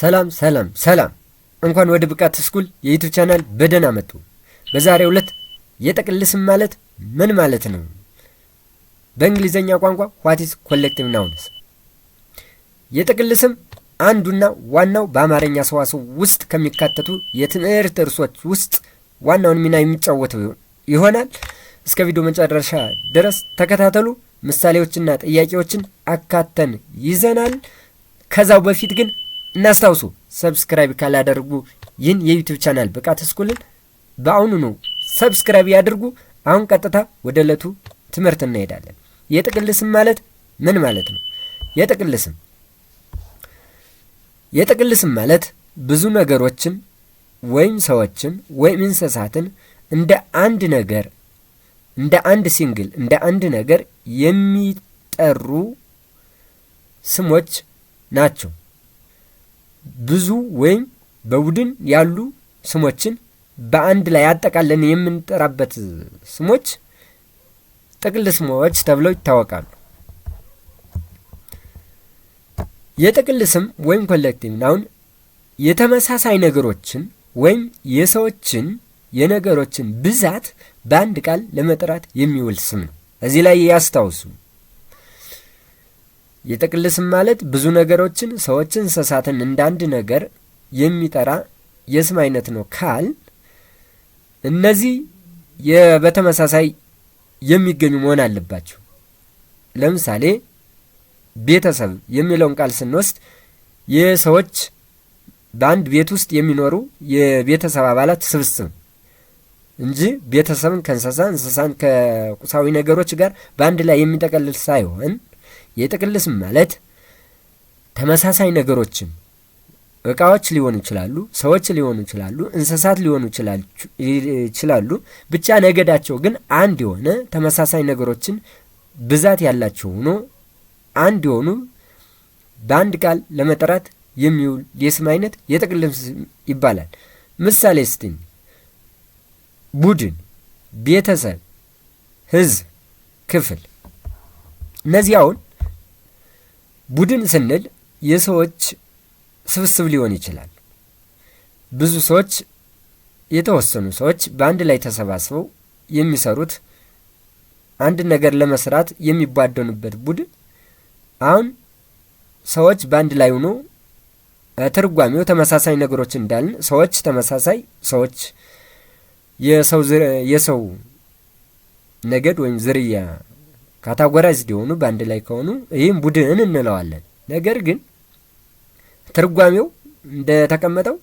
ሰላም ሰላም ሰላም፣ እንኳን ወደ ብቃት ስኩል የዩቱብ ቻናል በደህና መጡ። በዛሬው ዕለት የጥቅል ስም ማለት ምን ማለት ነው? በእንግሊዝኛ ቋንቋ ዋትስ ኮሌክቲቭ ናውንስ። የጥቅል ስም አንዱና ዋናው በአማርኛ ሰዋስው ውስጥ ከሚካተቱ የትምህርት እርሶች ውስጥ ዋናውን ሚና የሚጫወተው ይሆናል። እስከ ቪዲዮ መጨረሻ ድረስ ተከታተሉ። ምሳሌዎችና ጥያቄዎችን አካተን ይዘናል። ከዛው በፊት ግን እናስታውሱ ሰብስክራይብ ካላደርጉ ይህን የዩቱብ ቻናል ብቃት ስኩልን በአሁኑ ነው ሰብስክራይብ ያድርጉ። አሁን ቀጥታ ወደ ዕለቱ ትምህርት እንሄዳለን። የጥቅል ስም ማለት ምን ማለት ነው? የጥቅል ስም የጥቅል ስም ማለት ብዙ ነገሮችን ወይም ሰዎችን ወይም እንስሳትን እንደ አንድ ነገር እንደ አንድ ሲንግል እንደ አንድ ነገር የሚጠሩ ስሞች ናቸው። ብዙ ወይም በቡድን ያሉ ስሞችን በአንድ ላይ አጠቃለን የምንጠራበት ስሞች ጥቅል ስሞች ተብለው ይታወቃሉ። የጥቅል ስም ወይም ኮሌክቲቭ ናውን የተመሳሳይ ነገሮችን ወይም የሰዎችን የነገሮችን ብዛት በአንድ ቃል ለመጥራት የሚውል ስም ነው። እዚህ ላይ ያስታውሱ። የጥቅል ስም ማለት ብዙ ነገሮችን፣ ሰዎች፣ እንስሳትን እንደ አንድ ነገር የሚጠራ የስም አይነት ነው ካል እነዚህ በተመሳሳይ የሚገኙ መሆን አለባቸው። ለምሳሌ ቤተሰብ የሚለውን ቃል ስንወስድ የሰዎች በአንድ ቤት ውስጥ የሚኖሩ የቤተሰብ አባላት ስብስብ እንጂ ቤተሰብን ከእንስሳ እንስሳን ከቁሳዊ ነገሮች ጋር በአንድ ላይ የሚጠቀልል ሳይሆን የጥቅል ስም ማለት ተመሳሳይ ነገሮችም እቃዎች ሊሆኑ ይችላሉ፣ ሰዎች ሊሆኑ ይችላሉ፣ እንስሳት ሊሆኑ ይችላሉ። ብቻ ነገዳቸው ግን አንድ የሆነ ተመሳሳይ ነገሮችን ብዛት ያላቸው ሆኖ አንድ የሆኑ በአንድ ቃል ለመጠራት የሚውል የስም አይነት የጥቅል ስም ይባላል። ምሳሌ ስትኝ ቡድን፣ ቤተሰብ፣ ህዝብ፣ ክፍል እነዚህ አሁን ቡድን ስንል የሰዎች ስብስብ ሊሆን ይችላል። ብዙ ሰዎች፣ የተወሰኑ ሰዎች በአንድ ላይ ተሰባስበው የሚሰሩት አንድ ነገር ለመስራት የሚቧደኑበት ቡድን። አሁን ሰዎች በአንድ ላይ ሆኖ ትርጓሜው ተመሳሳይ ነገሮች እንዳልን ሰዎች ተመሳሳይ ሰዎች የሰው ነገድ ወይም ዝርያ ካታጎራይዝድ የሆኑ በአንድ ላይ ከሆኑ ይህም ቡድን እንለዋለን። ነገር ግን ትርጓሜው እንደተቀመጠው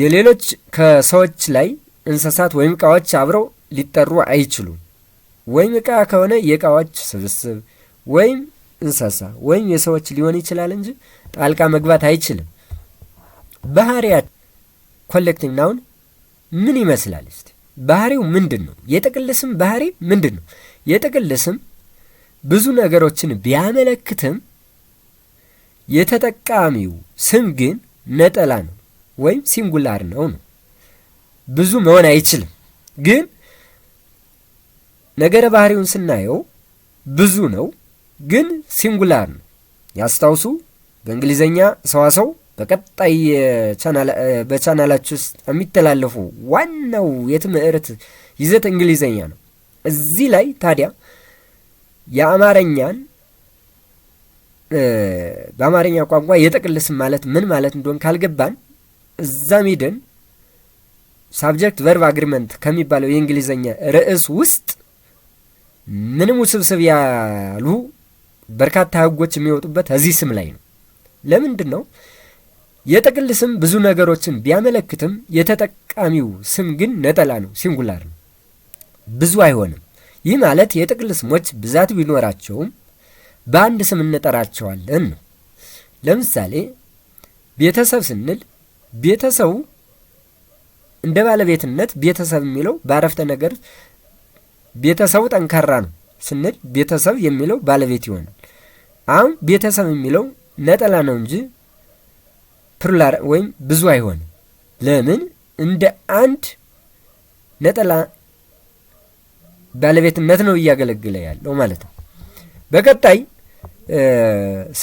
የሌሎች ከሰዎች ላይ እንስሳት ወይም እቃዎች አብረው ሊጠሩ አይችሉም። ወይም እቃ ከሆነ የእቃዎች ስብስብ ወይም እንስሳ ወይም የሰዎች ሊሆን ይችላል እንጂ ጣልቃ መግባት አይችልም። ባህሪያት ኮሌክቲቭ ናውን ምን ይመስላል? እስቲ ባህሪው ምንድን ነው? የጥቅል ስም ባህሪ ምንድን ነው? የጥቅል ስም ብዙ ነገሮችን ቢያመለክትም የተጠቃሚው ስም ግን ነጠላ ነው ወይም ሲንጉላር ነው ነው ብዙ መሆን አይችልም። ግን ነገረ ባህሪውን ስናየው ብዙ ነው፣ ግን ሲንጉላር ነው። ያስታውሱ በእንግሊዝኛ ሰዋሰው በቀጣይ በቻናላችሁ ውስጥ የሚተላለፉ ዋናው የትምህርት ይዘት እንግሊዘኛ ነው። እዚህ ላይ ታዲያ የአማርኛን በአማርኛ ቋንቋ የጥቅል ስም ማለት ምን ማለት እንደሆን ካልገባን እዛ ሚድን ሳብጀክት ቨርብ አግሪመንት ከሚባለው የእንግሊዘኛ ርዕስ ውስጥ ምንም ውስብስብ ያሉ በርካታ ህጎች የሚወጡበት እዚህ ስም ላይ ነው። ለምንድን ነው የጥቅል ስም ብዙ ነገሮችን ቢያመለክትም የተጠቃሚው ስም ግን ነጠላ ነው፣ ሲንጉላር ነው፣ ብዙ አይሆንም። ይህ ማለት የጥቅል ስሞች ብዛት ቢኖራቸውም በአንድ ስም እንጠራቸዋለን ነው። ለምሳሌ ቤተሰብ ስንል ቤተሰቡ እንደ ባለቤትነት ቤተሰብ የሚለው በአረፍተ ነገር ቤተሰቡ ጠንካራ ነው ስንል ቤተሰብ የሚለው ባለቤት ይሆናል። አሁን ቤተሰብ የሚለው ነጠላ ነው እንጂ ፕሩላር ወይም ብዙ አይሆንም። ለምን? እንደ አንድ ነጠላ ባለቤትነት ነው እያገለግለ ያለው ማለት ነው። በቀጣይ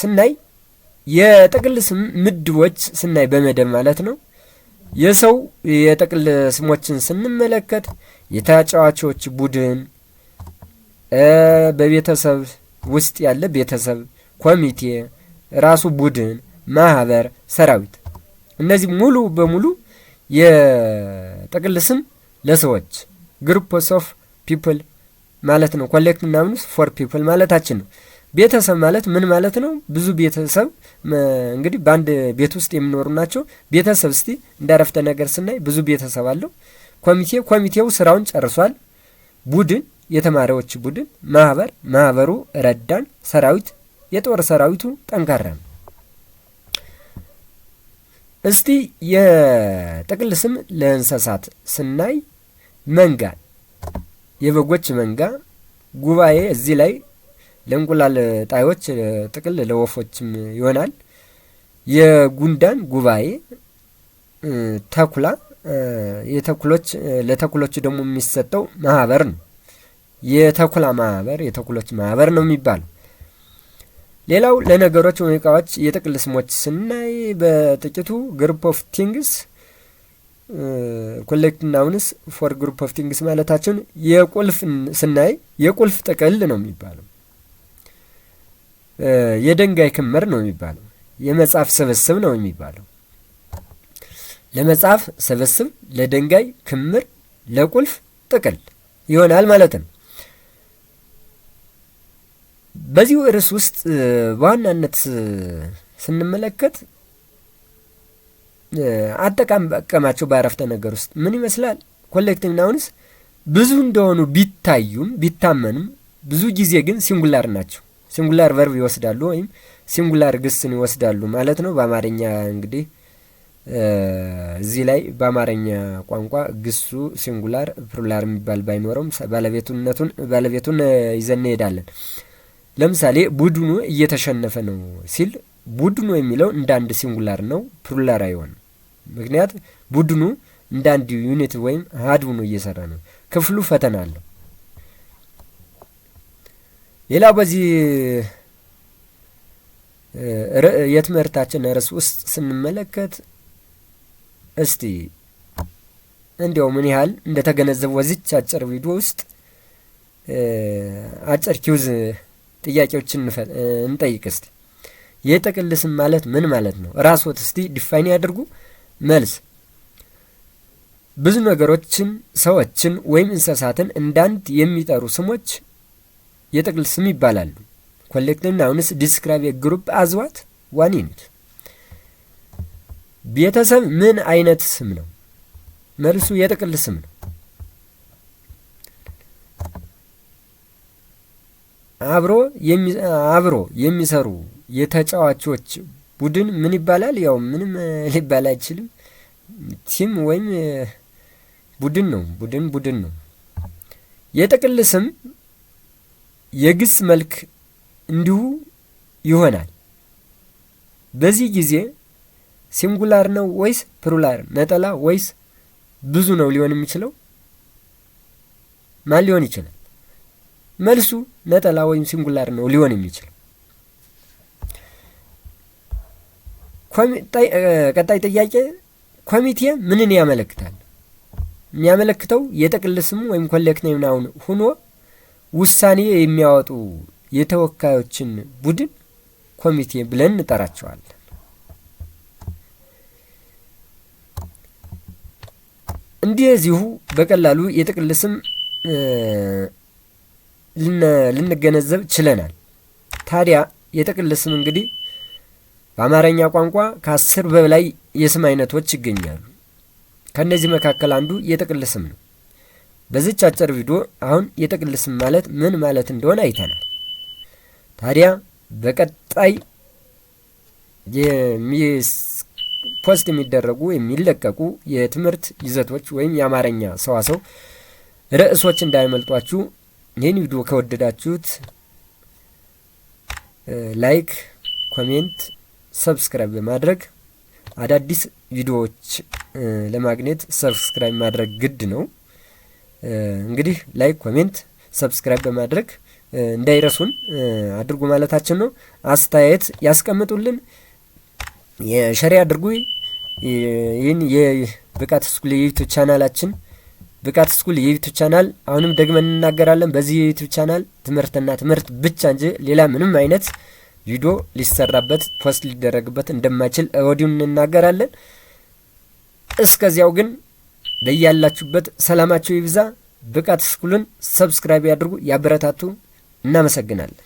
ስናይ የጥቅል ስም ምድቦች ስናይ በመደብ ማለት ነው። የሰው የጥቅል ስሞችን ስንመለከት የተጫዋቾች ቡድን፣ በቤተሰብ ውስጥ ያለ ቤተሰብ ኮሚቴ፣ ራሱ ቡድን ማህበር፣ ሰራዊት እነዚህ ሙሉ በሙሉ የጥቅል ስም ለሰዎች ግሩፕስ ኦፍ ፒፕል ማለት ነው። ኮሌክት ምናምንስ ፎር ፒፕል ማለታችን ነው። ቤተሰብ ማለት ምን ማለት ነው? ብዙ ቤተሰብ እንግዲህ በአንድ ቤት ውስጥ የሚኖሩ ናቸው። ቤተሰብ እስቲ እንዳረፍተ ነገር ስናይ ብዙ ቤተሰብ አለው። ኮሚቴ ኮሚቴው ስራውን ጨርሷል። ቡድን የተማሪዎች ቡድን፣ ማህበር ማህበሩ ረዳን፣ ሰራዊት የጦር ሰራዊቱ ጠንካራ ነው። እስቲ የጥቅል ስም ለእንስሳት ስናይ መንጋ፣ የበጎች መንጋ፣ ጉባኤ እዚህ ላይ ለእንቁላል ጣዮች ጥቅል ለወፎችም ይሆናል። የጉንዳን ጉባኤ፣ ተኩላ የተኩሎች ለተኩሎቹ ደግሞ የሚሰጠው ማህበር ነው። የተኩላ ማህበር የተኩሎች ማህበር ነው የሚባለው። ሌላው ለነገሮች ወይም እቃዎች የጥቅል ስሞች ስናይ በጥቂቱ ግሩፕ ኦፍ ቲንግስ ኮሌክት ናውንስ ፎር ግሩፕ ኦፍ ቲንግስ ማለታችን የቁልፍ ስናይ የቁልፍ ጥቅል ነው የሚባለው። የድንጋይ ክምር ነው የሚባለው። የመጽሐፍ ስብስብ ነው የሚባለው። ለመጽሐፍ ስብስብ፣ ለድንጋይ ክምር፣ ለቁልፍ ጥቅል ይሆናል ማለት ነው። በዚሁ ርዕስ ውስጥ በዋናነት ስንመለከት አጠቃቀማቸው በአረፍተ ነገር ውስጥ ምን ይመስላል? ኮሌክቲቭ ናውንስ ብዙ እንደሆኑ ቢታዩም ቢታመንም ብዙ ጊዜ ግን ሲንጉላር ናቸው። ሲንጉላር ቨርብ ይወስዳሉ ወይም ሲንጉላር ግስን ይወስዳሉ ማለት ነው። በአማርኛ እንግዲህ እዚህ ላይ በአማርኛ ቋንቋ ግሱ ሲንጉላር ፕሩላር የሚባል ባይኖረውም ባለቤቱነቱን ባለቤቱን ይዘን እንሄዳለን። ለምሳሌ ቡድኑ እየተሸነፈ ነው ሲል ቡድኑ የሚለው እንደ አንድ ሲንጉላር ነው፣ ፕሉላር አይሆንም። ምክንያት ቡድኑ እንደ አንድ ዩኒት ወይም ሀድ ሆኖ እየሰራ ነው። ክፍሉ ፈተና አለው። ሌላው በዚህ የትምህርታችን ርዕስ ውስጥ ስንመለከት እስቲ እንዲያው ምን ያህል እንደተገነዘቡ በዚች አጭር ቪዲዮ ውስጥ አጭር ኪውዝ ጥያቄዎችን እንጠይቅ እስቲ። የጥቅል ስም ማለት ምን ማለት ነው? ራስዎት እስቲ ዲፋይን ያድርጉ። መልስ ብዙ ነገሮችን፣ ሰዎችን ወይም እንስሳትን እንዳንድ የሚጠሩ ስሞች የጥቅል ስም ይባላሉ። ኮሌክቲቭ ናውንስ ዲስክራይብ የግሩፕ አዝዋት ዋን ዩኒት። ቤተሰብ ምን አይነት ስም ነው? መልሱ የጥቅል ስም ነው። አብሮ አብሮ የሚሰሩ የተጫዋቾች ቡድን ምን ይባላል? ያው ምንም ሊባል አይችልም። ቲም ወይም ቡድን ነው። ቡድን ቡድን ነው። የጥቅል ስም የግስ መልክ እንዲሁ ይሆናል። በዚህ ጊዜ ሲንጉላር ነው ወይስ ፕሩላር ነጠላ ወይስ ብዙ ነው ሊሆን የሚችለው? ማን ሊሆን ይችላል? መልሱ ነጠላ ወይም ሲንጉላር ነው ሊሆን የሚችል። ቀጣይ ጥያቄ ኮሚቴ ምንን ያመለክታል? የሚያመለክተው የጥቅል ስሙ ወይም ኮሌክቲቭ ናውን ሆኖ ውሳኔ የሚያወጡ የተወካዮችን ቡድን ኮሚቴ ብለን እንጠራቸዋለን። እንደዚሁ በቀላሉ የጥቅል ስም ልንገነዘብ ችለናል። ታዲያ የጥቅል ስም እንግዲህ በአማርኛ ቋንቋ ከአስር በላይ የስም አይነቶች ይገኛሉ። ከእነዚህ መካከል አንዱ የጥቅል ስም ነው። በዚች አጭር ቪዲዮ አሁን የጥቅል ስም ማለት ምን ማለት እንደሆነ አይተናል። ታዲያ በቀጣይ ፖስት የሚደረጉ የሚለቀቁ የትምህርት ይዘቶች ወይም የአማርኛ ሰዋሰው ርዕሶች እንዳይመልጧችሁ ይህን ቪዲዮ ከወደዳችሁት ላይክ፣ ኮሜንት፣ ሰብስክራይብ በማድረግ አዳዲስ ቪዲዮዎች ለማግኘት ሰብስክራይብ ማድረግ ግድ ነው። እንግዲህ ላይክ፣ ኮሜንት፣ ሰብስክራይብ በማድረግ እንዳይረሱን አድርጉ ማለታችን ነው። አስተያየት ያስቀምጡልን፣ የሸሪ አድርጉ። ይህን የብቃት ስኩል የዩቱብ ቻናላችን ብቃት ስኩል የዩቱብ ቻናል አሁንም ደግመን እንናገራለን። በዚህ የዩቱብ ቻናል ትምህርትና ትምህርት ብቻ እንጂ ሌላ ምንም አይነት ቪዲዮ ሊሰራበት ፖስት ሊደረግበት እንደማይችል ወዲሁ እንናገራለን። እስከዚያው ግን በያላችሁበት ሰላማችሁ ይብዛ። ብቃት ስኩልን ሰብስክራይብ ያድርጉ፣ ያበረታቱ። እናመሰግናለን።